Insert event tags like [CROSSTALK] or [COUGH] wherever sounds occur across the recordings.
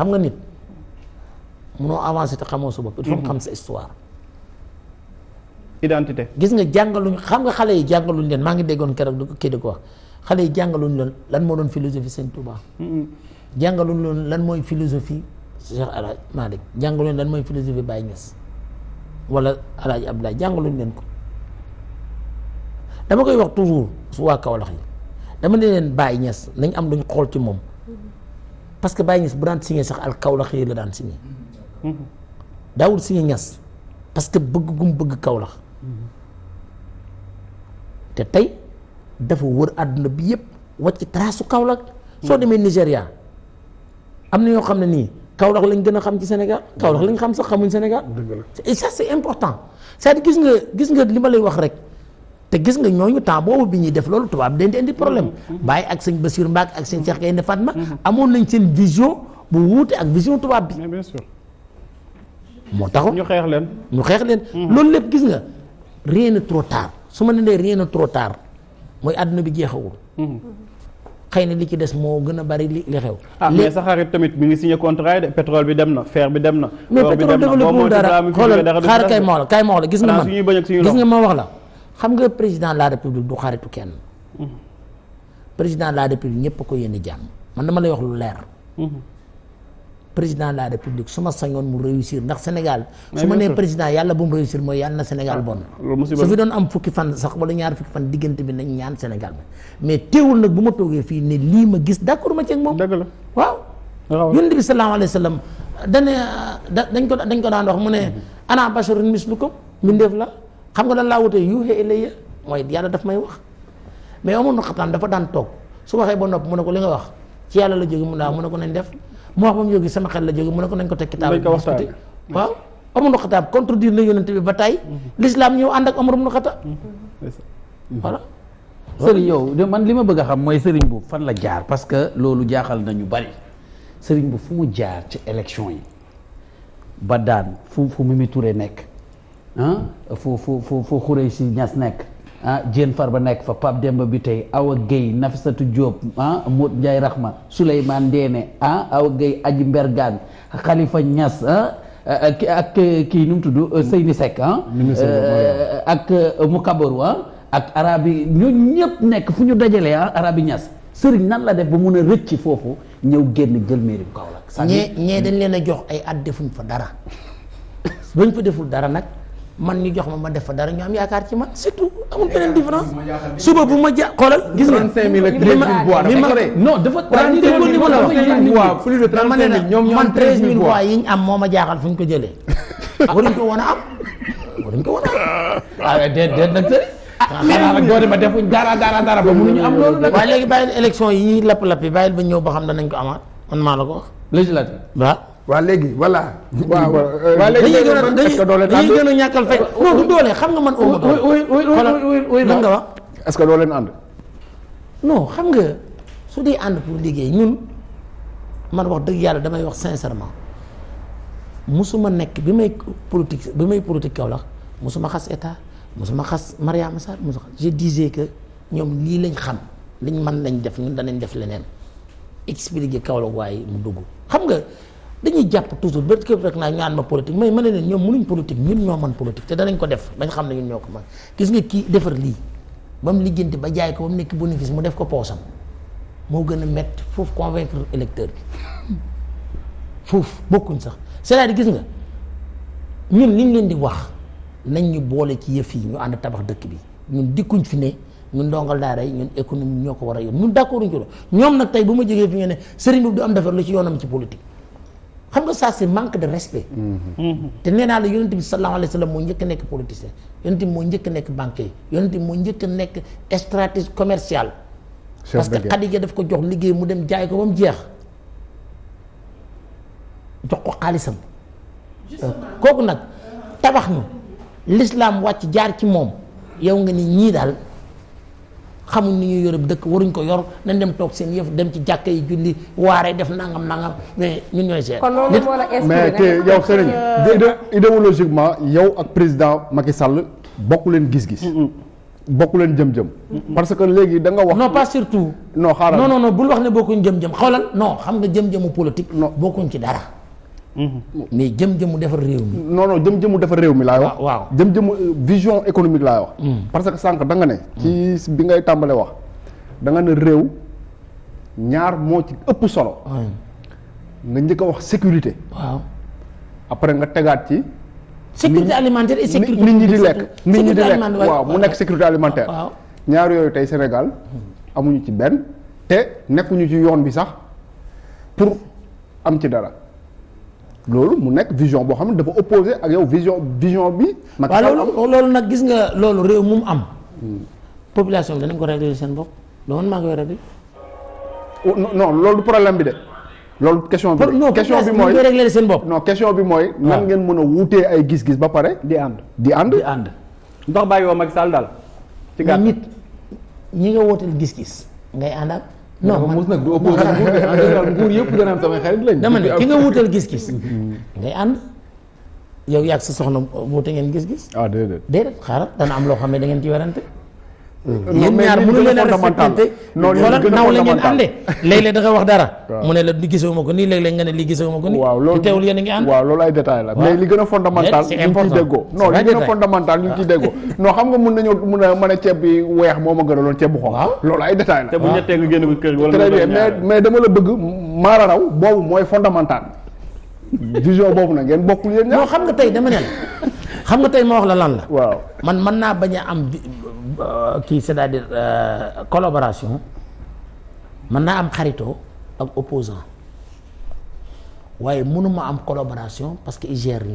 xam nga nit noo avancer te xamoo sa bopp. il faut nga xam sa histoire. gis nga jàngaluñ xam nga xale yi jàngaluñ leen maa ngi déggoon keroog kii di ko wax xale yi jàngaluñ leen lan moo doon philosophie Sëñ Touba. jàngaluñ leen lan mooy philosophie Cheikh El Hadj Malick jàngaluñ lan mooy philosophie Baye Niass wala El Hadj Abdoulaye jàngaluñ leen ko dama koy wax toujours su waa Kaolack yi dama ne leen baay ñes nañ am luñ xool ci moom. parce que Baye Niass bu daan sax al Kaolack yi la daan signé daawul signé Niass parce que bëgg gum bëgg Kaolack te tey dafa wër àdduna bi yëpp wàcc trace su Kaolack soo demee Nigéria am na ñoo xam ne nii Kaolack lañ gën a xam ci Sénégal Kaolack lañ xam sax xamuñ Sénégal et ça important cest à gis nga gis nga li ma lay wax rek te gis nga ñooñu temps boobu bi ñuy def loolu tubaab dañ di indi problème mm-hmm. Mm-hmm. bàyyi ak sëñ Basiir Mbacké ak sëñ Cheikh Gaynde Fatma mm-hmm. amoon nañ seen vision bu wuute ak vision tubaab bi bien sûr moo taxoon ñu xeex leen ñu xeex leen loolu lépp gis nga rien n'est trop tard su ma ne nee rien n'est mooy àdduna bi jeexawul xëy na li ci des moo gën a bari li li xew. ah mais sa xarit tamit mi ngi signé contrat yi de pétrole bi dem na fer bi dem na. mais pétrole développé wul dara xoolal kay ma wax ma wax la. xam nga président la république du xaritu kenn président la république ñëpp ko yéene jàmm man dama lay wax lu leer président la république su ma sañoon mu réussir ndax Sénégal su ma nee président yàlla bu mu réussir mooy yàlla na Sénégal ah, bon su fi doon am fukki fan sax wala ñaar fukki fan diggante bi nañ ñaan Sénégal bi mais teewul nag bu ma toogee fii ne lii ma gis d'accord ma ci ak moom dëgg la waaw yonent bi sallallahu alayhi wa sallam dane dañ ko dañ ko daan wax mu ne mhm. ana basharun mislukum mbindeef la xam nga dañ laa wutee yuuxee ilayya mooy yàlla daf may wax mais amul na xataan dafa daan toog su waxee ba nopp mu ne ko li nga wax ci yàlla la jóge mu ne mu ne ko nañ def mu wax ba mu jóge sama xel la jóge mu ne ko nañ ko teg kitaab bi waaw Omar ibn Khattab contredire na yonent bi ba tey mm-hmm. l'islam ñëw ànd ak Omar ibn Khattab mm-hmm. mm-hmm. voilà sëriñ yow de man li ma bëgg a xam mooy sëriñ bu fan la jaar parce que loolu jaaxal na ñu bari sëriñ bu fu mu jaar ci élection yi ba daan fu fu nekk ah fu fu fu fu xuree si ñas nekk ah Diène Farba nekk fa Pape Demba bi tey aw Awa Guèye Nafisatu Diop ah Mout Ndiaye Rahma Souleymane Ndéné ah Awa Guèye Aji Mbergane Khalifa ñas ah ak kii nu mu tudd euh, Seyni Seck ah euh, ak euh, Mukabaru ah ak arabi ñooñu ñëpp nekk fu ñu dajale ah arabi Niass sëriñ nan la def ba mun a rëcc foofu ñëw génn jël mairie bu Kaolack ñee ñee dañ leen a jox ay at defuñ fa dara [LAUGHS] bañ fa deful dara nag man ñu jox ma ma def fa dara ñu am yaakaar ci man surtout amul beneen différence suba bu ma ja xoolal gis nga. 35000 ak 13000 voix dafa sore non dafa. 35000 voix la plus de 35000 ñoom man 13000 voix yi ñu am moo ma jaaxal fu ñu ko jëlee [LAUGHS] waruñ ko woon a am waruñ ko woon a am. waaw ah, déet déet nag tey. ah léegi ah, doole dara dara dara ba mënuñu am léegi bàyyil élection yi ñuy lapp-lappi bàyyil ba ñëw ba xam danañ ko amaat man maa la ko wax. législative waa léegi voilà. waaw waaw euh, léegi est-ce que doole dañuy gën a ñàkkal fay. non euh, du euh, doole xam nga man. oo ma lan nga wax. est que doo leen ànd. non xam nga su dee ànd pour liggéey ñun man wax dëgg yàlla damay wax sincèrement musuma nekk bi may politique bi may politique Kaolack musuma xas état musuma xas Mariama Sarr musuma xas je disais que ñoom lii lañ xam liñ mën lañ def ñun danañ def leneen expliquer Kaolack waaye mu dugg xam nga. dañuy jàpp toujours ba képp rek naa ñaan ma politique mais ma ne leen ñoom mënuñ politique ñun ñoo mën politique te danañ ko def dañ xam ne ñun ñoo ko mën gis nga kii defar lii ba mu lijjanti ba jaay ko ba mu nekk bénéfice mu def ko poosam moo gën a métti foofu convaincre électeur bi [LAUGHS] foofu bokkuñ sax cest à gis nga ñun liñ leen di wax nañ ñu boole ci yëf yi ñu ànd tabax dëkk bi ñun dikkuñ fi ne ñun ndongal daara yi ñun économie ñoo ko war a yor ñun d'accord uñ ko bu ma jógee fi ngeen ne sëriñ bi am defar lu ci yoonam ci politique xam nga ça c'est manque de respect. Mm-hmm. te nee naa la yonent bi sallallahu alayhi wa moo njëkk a nekk politicien yonent bi moo njëkk nekk banquier yonent bi moo njëkk a nekk stratégie commerciale. parce que Khadija daf ko jox liggéey mu dem jaay ko ba mu jeex jox ko xaalisam. kooku nag tabax na l'islam wàcc jaar ci moom yow nga ni ñii daal. xamuñ ni ñuy yoreb dëkk waruñ ko yor nañ dem toog seen yëf dem ci jàkk yi julli waaree def nangam nangam mais ñun ñooy seet. kon loolu moo la mais te yow sëriñ euh, idéologiquement yow ak président Macky Sall bokku leen gis-gis. bokku leen jëm-jëm. parce que léegi da nga wax. non pas surtout. non xaaral non non non bul wax ne bokkuñ jëm-jëm xoolal non xam nga jëm-jëmu politique. non bokkuñ ci dara. Mm-hmm. mais jëm-jëmu defar réew mi. non jëm-jëmu defar réew mi laay wax. Ah, waaw jëm-jëmu euh, vision économique laay wax. Mm. parce que sànq da nga ne. ci mm. bi ngay tàmbalee wax da nga ne réew ñaar moo ci ëpp solo. nga njëkk wax sécurité. waaw après nga tegaat ci. sécurité alimentaire et sécurité. nit ñi di lekk nit ñi di lekk waaw mu nekk sécurité alimentaire. ñaar yooyu tey Sénégal amuñu ci benn te nekkuñu ci yoon bi sax pour am ci dara. loolu mu nekk vision boo xam ne dafa opposé ak yow vision vision bi. waaw loolu loolu nag gis nga loolu réew mu am. Hmm. population bi danañ ko réglé seen bopp loolu maa ngi koy réglé. Oh, non loolu problème bi de. loolu question bi non question mooy seen bopp. non question bi mooy. Ah. nan ngeen mën a wuutee ay gis-gis ba pare. di ànd di ànd di ànd. ndox bàyyi woo Macky Sall daal. ci gàtt ñi nga wooteel gis-gis ngay ànd ak. non man nag du opposé nguur en général nguur yëpp dana am samay xarit lañ. dama ne ki nga wutal gis-gis. ngay [LAUGHS] mhm. ànd yow yaa ak sa soxna wuute ngeen gis-gis. ah déedéet. déedéet xaaral dana am loo xam ne da ngeen ci werante yéen ñaar mënu la a respecté naw la ngeen ànde léeg-léeg wax dara mu ne la di ma ko nii léeg-léeg nga ne lii gisewuma ko nii di teewul yéen a ngi ànd waaw loolu ay détail la mais li gën a fondamental ñu ah. xam nga mun nañu mun a mën a ceeb bi weex moo ma gën a loon ceeb bu xonq loolu ay détail la te bu ah. ñettee nga génn ko kër gi wala très bien mais dama la bëgg maara raw boobu mooy fondamental vision boobu na ngeen bokkul yéen ñaar xam nga tey dama ne xam nga tey ma wax la lan la. waaw man mën naa bañ a am euh, kii c'est-à-dire euh, collaboration mën naa am xaritoo ak opposant waaye mënuma am collaboration parce que il gère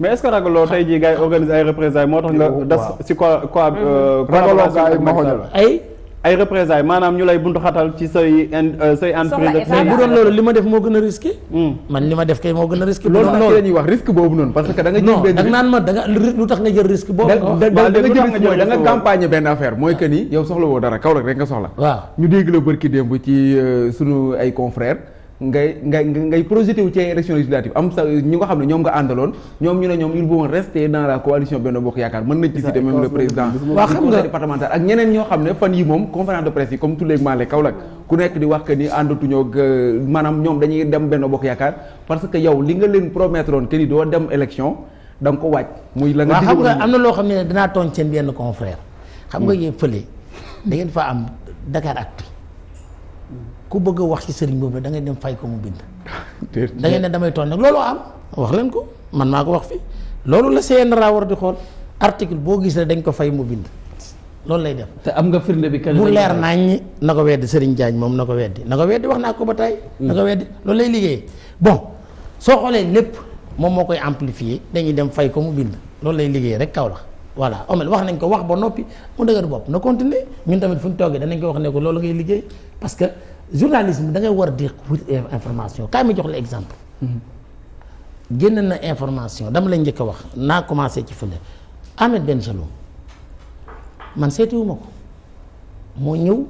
mais est-ce que ragaloo tey jii gars organiser ay représailles moo tax nga. des si quoi quoi. Euh, ragaloo gars yi ma xoñal ay. ay représailles maanaam ñu lay buntu xatal ci say euh, say entreprise mais bu doon loolu li ma def moo gën a risqué hmm. man li ma def kay moo gën a risqué loolu loolu la ñuy wax risque boobu noonu parce que da nga jël benn da nga naan ma da nga lu tax nga jël risque boobu da nga jël mooy da nga campagne benn affaire mooy que ni yow soxla woo dara kaw rek nga soxla waaw ñu dégg la bërki démb ci euh, sunu ay confrères ngay ngay ngay projeté wu ci élection législative am sa ñi nga xam ne ñoom nga àndaloon ñoom ñu ne ñoom ils vont rester dans la coalition Benno Bokk Yaakaar mën nañ ci citer même le président waa xam nga départemental ak ñeneen ñoo xam ne fan yi moom conférence de presse yi comme tous les male Kaolack ku di wax euh, ñoom dañuy dem Benno Bokk Yaakaar parce que yow li nga leen promettre oon que ni doo dem élection da nga ko wàcc muy la nga xam nga am na loo xam ne dinaa tooñ seen benn confrère xam nga hmm. yéen fële da ngeen fa am Dakar Actu ku bëgg a wax ci sëriñ boobu la da ngay dem fay ko mu bind. [LAUGHS] da ngay damay tooñ nag loolu am wax leen ko man maa ko wax fi loolu la CNRA war di xool article boo gis la dañ ko fay mu bind loolu lay def. te am nga firnde bi. bu leer naññi na ko weddi Serigne Diagne moom na ko weddi na ko weddi wax naa ko ba tey. Mm. na ko weddi lay liggéey bon soo xoolee lépp moom moo koy amplifier dañuy dem fay ko mu bind loolu lay liggéey rek kaw la voilà omel wax nañ ko wax ba noppi mu dëgër bopp na continuer ñun tamit fu ñu toogee danañ ko wax ne loolu ngay liggéey parce journalisme da ngay war di wut information kaay mi jox la exemple. génn na information dama la njëkk a wax naa commencé ci fële Ahmed Ben Saloum man seetiwuma ko moo ñëw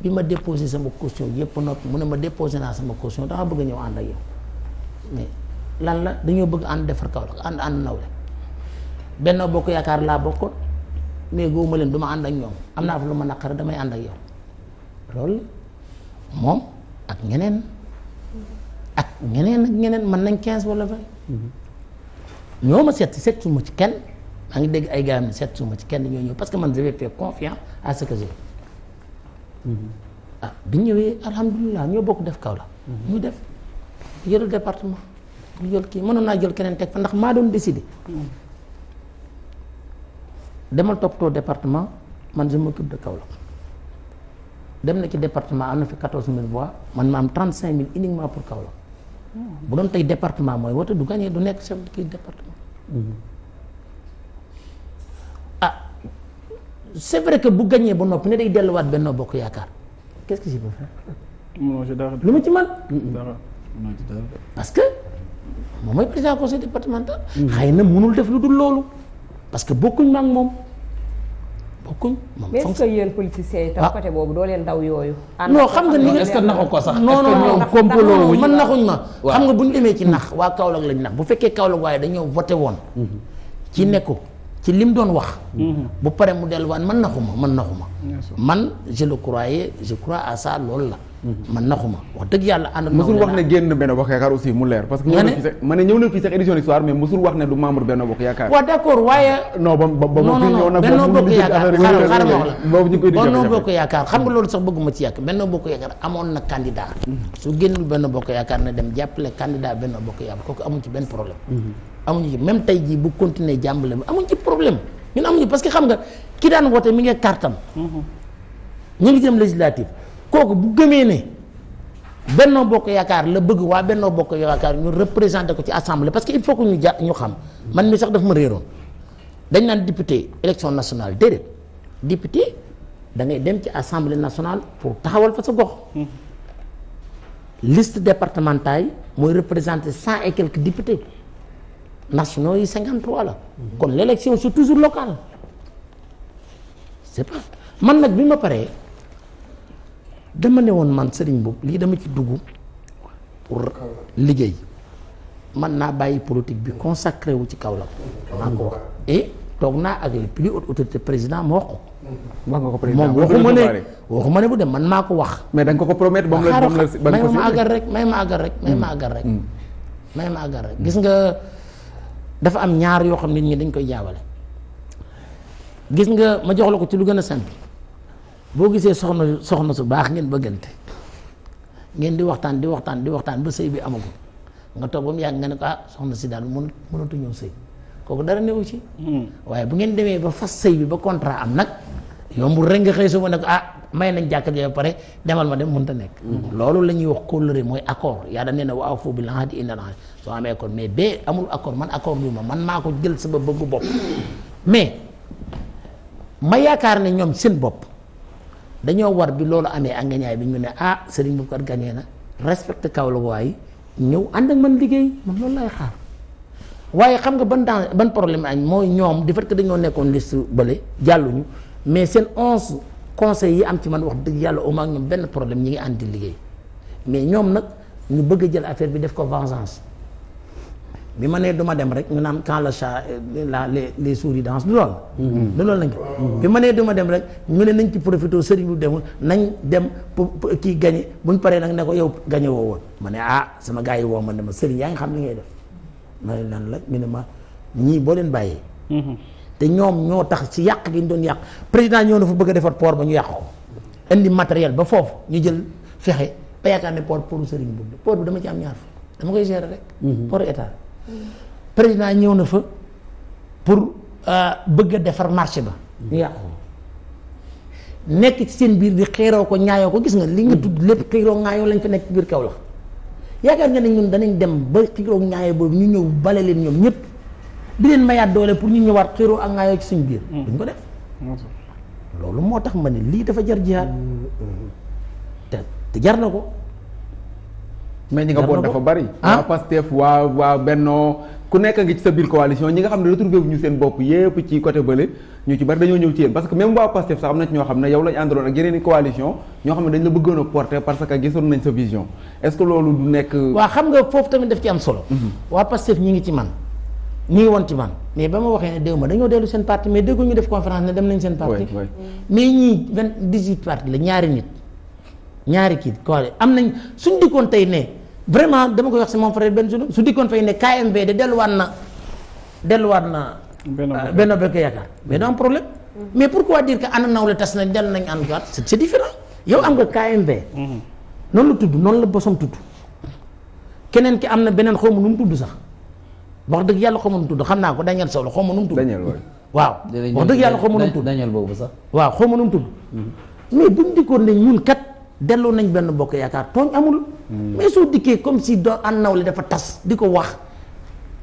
bi ma déposé sama caution yëpp nopp mu ne ma déposé naa sama caution dama bëgg ñëw ànd ak yow mais lan la dañoo bëgg ànd defar kaw la ànd ànd nawle benn Bokk Yaakaar laa bokkoon mais góobu ma leen du ma ànd ak ñoom am naa fa lu ma naqare damay ànd ak yow moom ak ñeneen ak ñeneen ak ñeneen man nañ quinze wala vingt ñoo ma seet si seet suma ci kenn maa ngi dégg ay gars am seet suma ci kenn ñoo ñëw parce que man j'avais fait confiance à ce que j'ai ah bi ñëwee alhamdulilah ñoo bokk def kaw def jël département ñu jël kii mënoon naa jël keneen teg fa ndax maa doon décider demal toppatoo département man je m'occupe de Kaolack dem na ci département am na fi 14000 voix man ma am 35000 uniquement pour Kaolack bu doon tey département mooy wote du gagné du nekk chef kii département. Mm-hmm. ah c'est que bu gagné ba noppi ne day delluwaat Benno Bokk Yaakaar qu'est-ce que lu ma ci man parce que moom mooy président conseil départemental. xëy na mënul def lu dul loolu. parce que bokkuñ ma moom. kooku moom est-ce que yéen politiciens yi tam ah. côté boobu doo leen daw yooyu. noo xam nga ni est-ce naxu ko sax. non non ñoom complot wuñ man naxuñ na xam nga bu demee ci nax waa Kaolack lañ nax bu fekkee Kaolack waaye dañoo voté woon. ci nekku ci lim doon wax. bu paree mu delluwaan man naxu ma man naxu ma. man je le croyais je crois à ça loolu la. Mm-hmm. man naxuma wax dëgg yàlla ànd. mosul wax ne génn benn bokk yaakaar aussi mu leer. parce que ñëw na fi sax ma ne ñëw na fi sax édition du soir mais mosul wax ne du membre benn bokk yaakaar. waaw d' accord waaye. non ba ba ba fi ñëw na. benn bokk yaakaar xaaral xaaral ma wax la boobu ñu koy. benn bokk yaakaar xam nga loolu sax bëgguma ci yàq benn bokk yaakaar amoon na candidat. Mm-hmm. su génnul benn bokk yaakaar na dem jàppale candidat benn bokk yaakaar kooku amuñ ci benn problème. Mm-hmm. amuñu ci même tey jii bu continuer jàmbale bi amuñ ci problème ñun amuñu parce que xam nga ki daan woote mi ngi kartam ñu ngi jëm législative kooku bu gëmee ne Benno Bokk Yaakaar la bëgg waa Benno Bokk Yaakaar ñu représenté ko ci assemblée parce que il faut que ñu ja ñu xam man mi sax daf ma réeroon dañ naan député élection nationale déedéet député da ngay dem ci assemblée nationale pour taxawal fa sa gox. liste départementale yi mooy représenté cent et quelques députés nationaux yi cinquante la. kon l' élection c'est toujours locale c'est pas man nag bi ma paree. dama ne woon man sëriñ boobu lii dama ci dugg pour liggéey man naa bàyyi politique bi consacré wu ci Kaolack maa ko wax toog naa ak les plus hautes président ma wax ko. wax nga ko président moom waxuma ne waxuma ne bu dem man maa ko wax. mais da nga ko ko promettre ba mu la ba la may ma àggal rek may ma àggal rek mm. mm. may ma àggal rek. gis nga dafa am ñaar yoo xam nit ñi dañ koy jaawale. gis nga ma jox la ko ci lu gën a simple. boo gisee soxna soxna su baax ngeen bëggante ngeen di waxtaan di waxtaan di waxtaan ba sëy bi amagul nga toog ba mu yàgg nga ne ko ah soxna si daal mënut mënatu ñëw sëy kooku dara newu ci. Hmm. waaye bu ngeen demee ba fas sëy bi ba contrat am nag yombul rek nga xëy su ma ne ah may nañ jàkk ja ba pare demal ma dem mënut a nekk. Hmm. loolu la ñuy wax kóllëre mooy accord yàlla nee na wa awfu bil ahdi inna al ahda soo amee accord mais bee amul accord man accord bi ma man maa ko jël sa ba bëggu bopp mais ma yaakaar ne ñoom seen bopp. dañoo war bi loolu amee ak ngañaay bi ñu ne ah Serigne Boubacar gagné na respecté Kaolack waaye ñëw ànd ak man liggéey man loolu lay xaar waaye xam nga ban dans ban problème añ mooy ñoom di fait que dañoo nekkoon liste bële jàlluñu mais seen onze conseils yi am ci man wax dëgg yàlla au moins ñoom benn problème ñi ngi ànd di liggéey mais ñoom nag ñu bëgg jël affaire bi def ko vengeance bi ma nee du dem rek ñu naan quand le chat la les les souris dansent du lool. du lool lañ ko. bi ma nee du dem rek ñu ne nañ ci profité sëriñ bu demul nañ dem pour kii bu buñ paree nag ne ko yow gagné woo woon ma ne ah sama gars yi woo ma ne ma sëriñ yaa ngi xam li ngay def ma ne lan la ñu ne ma ñii boo leen bàyyee. te ñoom ñoo tax ci yàq gi ñu doon yàq président ñoo na fu bëgg a defar port ba ñu yàq ko. indi matériel ba foofu ñu jël fexe ba yaakaar ne port pour sëriñ bu port dama ci am ñaar dama koy gérer rek. Mhm. président ñëw na fa pour euh, bëgg a defar marché ba ñu mm. nekk ci seen biir di xiiroo ko ñaayoo ko gis nga li nga mm. tudd lépp xiiroo ñaayoo lañ fa nekk ci biir kaw la yaakaar nga ne ñun danañ dem ba xiiroo ñaayoo boobu ñu ñëw bale leen ñoom ñëpp di leen mayaat doole pour ñu ñëwaat xiiroo ak ñaayoo ci suñ biir mm. duñ ko def loolu moo tax ma ne lii dafa jar jihaad te jar na ko mais ni nga boot dafa bari ah? waa Pastef waa waa Benno ku nekk ngi ci sa biir coalition ñi nga xam ne retrouvé wu ñu seen bopp yépp ci côté bële ñu ci bari dañoo ñëw ci yéen parce que même waa Pastef sax am na ci ñoo xam ne yow lañu àndaloon a porter parce que gisoon nañ sa vision est-ce que loolu du nekk am solo mhm. waa Pastef ñi ngi ci man ñi ngi man mais ba ma waxee ne déw ma dañoo dellu seen parti mais déggu ñu def conférence ne dem nañ seen parti mais ñii vingt dix parti la ñaari nit ñaari kii ko am nañ suñ dikkoon tey ne vraiment dama koy wax si moom frère Bengelloune su dikkoon fay ne KMB de delluwaat na delluwaat na. Euh, Benno Bokk Yaakaar mais du am problème. Mm-hmm. mais pourquoi dire que ànd nawle tas nañ dellu nañ ànd waat c'est différent yow am nga KMB. Mm-hmm. noonu la tudd noonu la bosom tudd. keneen ki am na beneen xaw ma nu mu tudd sax wax dëgg yàlla xaw ma nu mu tudd xam naa ko Daniel Sow la ma nu mu tudd. Daniel waaw wax dëgg yàlla nu mu tudd Daniel boobu sax. waaw xaw ma nu mu tudd. Mm-hmm. dikkoon ne ñun kat delloo nañ benn bokk yaakaar tooñ amul. mais soo dikkee comme si doo an li dafa tas di ko wax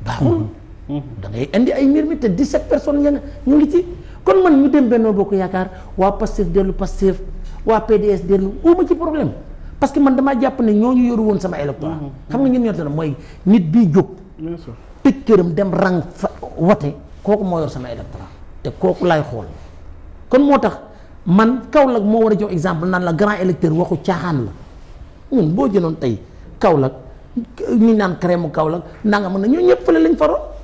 baaxul mm-hmm. da ngay indi ay mbir mi te 17 personnes ya nga ñu ngi ci kon man ñu dem Benno Bokk Yaakaar waa Pastef dellu Pastef waa PDS dellu uma ci problème parce que man damaa jàpp ne ñooñu yoru woon sama électorat mm-hmm. xam nga ngeen ñor la mooy nit bii jóg tëj këram dem rang fa wote kooku moo yor sama électorat te kooku laay xool kon moo tax man kaw Kaolack moo war a jox exemple naan la grand électeur waxu caaxaan la ñun boo jëloon tey Kaolack ñu naan crème mu Kaolack nanga mën na ñoo ñëpp fële lañ faroon